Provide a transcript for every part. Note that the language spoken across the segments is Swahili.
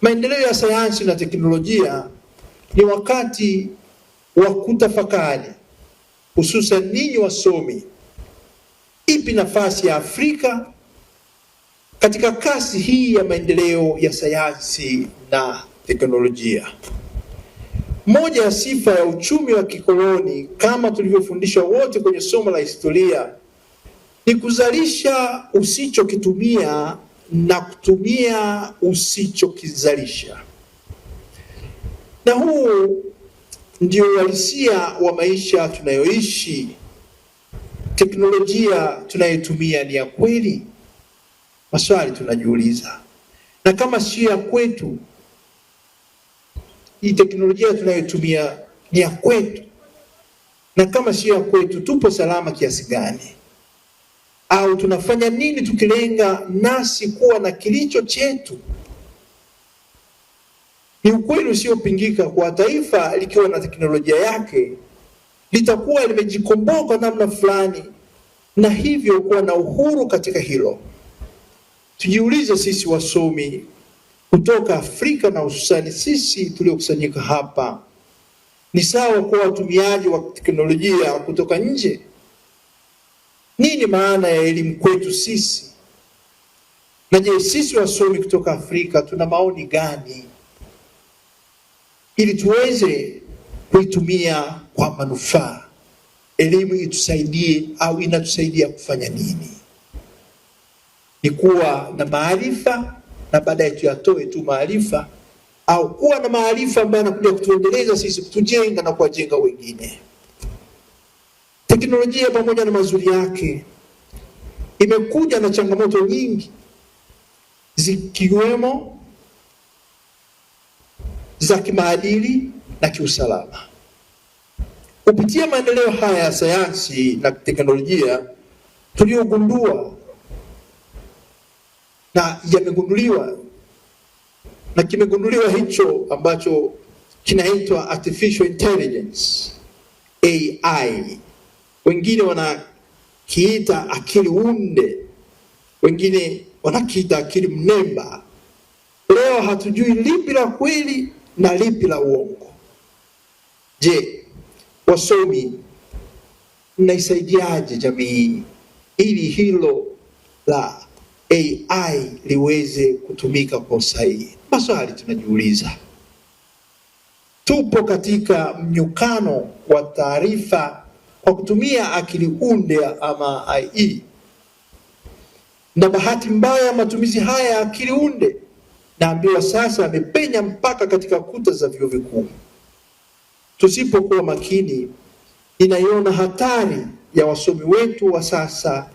Maendeleo ya sayansi na teknolojia ni wakati wa kutafakari, hususan ninyi wasomi, ipi nafasi ya Afrika katika kasi hii ya maendeleo ya sayansi na teknolojia. Moja ya sifa ya uchumi wa kikoloni kama tulivyofundishwa wote kwenye somo la historia ni kuzalisha usichokitumia na kutumia usichokizalisha. Na huu ndio uhalisia wa maisha tunayoishi. Teknolojia tunayotumia ni ya kweli? Maswali tunajiuliza, na kama sio ya kwetu, hii teknolojia tunayotumia ni ya kwetu? Na kama si ya kwetu, tupo salama kiasi gani? au tunafanya nini tukilenga nasi kuwa na kilicho chetu? Ni ukweli usiopingika kwa taifa likiwa na teknolojia yake litakuwa limejikomboa kwa namna fulani, na hivyo kuwa na uhuru katika hilo. Tujiulize sisi wasomi kutoka Afrika na hususani sisi tuliokusanyika hapa, ni sawa kuwa watumiaji wa teknolojia kutoka nje nini maana ya elimu kwetu sisi? Na je, sisi wasomi kutoka Afrika tuna maoni gani ili tuweze kuitumia kwa manufaa? Elimu itusaidie au inatusaidia kufanya nini? Ni kuwa na maarifa na baadaye tuyatoe tu maarifa, au kuwa na maarifa ambayo anakuja kutuendeleza sisi, kutujenga na kuwajenga wengine? Teknolojia pamoja na mazuri yake imekuja na changamoto nyingi zikiwemo za kimaadili na kiusalama. Kupitia maendeleo haya ya sayansi na teknolojia tuliyogundua na yamegunduliwa na kimegunduliwa hicho ambacho kinaitwa artificial intelligence AI wengine wanakiita akili unde, wengine wanakiita akili mnemba. Leo hatujui lipi la kweli na lipi la uongo. Je, wasomi mnaisaidiaje jamii ili hilo la AI liweze kutumika kwa usahihi? Maswali tunajiuliza. Tupo katika mnyukano wa taarifa kwa kutumia akili unde ama AI. Na bahati mbaya matumizi haya ya akili unde naambiwa sasa yamepenya mpaka katika kuta za vyuo vikuu. Tusipokuwa makini, inaiona hatari ya wasomi wetu wa sasa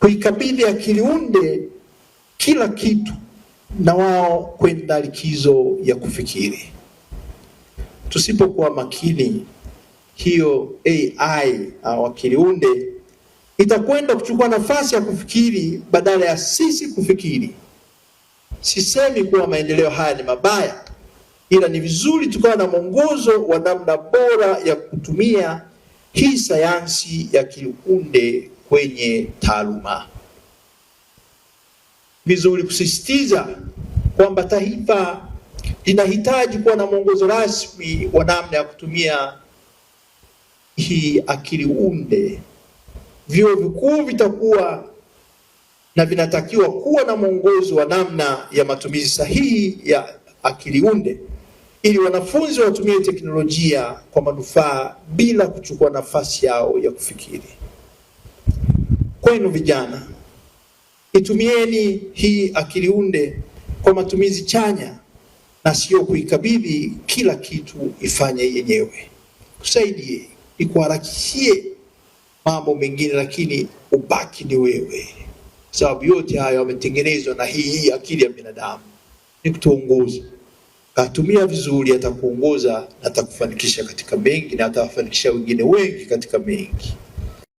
kuikabidhi akili unde kila kitu na wao kwenda likizo ya kufikiri. Tusipokuwa makini hiyo AI uh, wakiliunde itakwenda kuchukua nafasi ya kufikiri badala ya sisi kufikiri. Sisemi kuwa maendeleo haya ni mabaya, ila ni vizuri tukawa na mwongozo wa namna bora ya kutumia hii sayansi ya kiliunde kwenye taaluma. Vizuri kusisitiza kwamba taifa linahitaji kuwa na mwongozo rasmi wa namna ya kutumia hii akili unde. Vyuo vikuu vitakuwa na vinatakiwa kuwa na mwongozo wa namna ya matumizi sahihi ya akili unde ili wanafunzi watumie teknolojia kwa manufaa bila kuchukua nafasi yao ya kufikiri. Kwenu vijana, itumieni hii akili unde kwa matumizi chanya na sio kuikabidhi kila kitu ifanye yenyewe. kusaidie ikuharakishie mambo mengine, lakini ubaki ni wewe, sababu yote hayo yametengenezwa na hii hii akili ya binadamu ni kutuongoza. Katumia vizuri, atakuongoza na atakufanikisha katika mengi, na atawafanikisha wengine wengi katika mengi.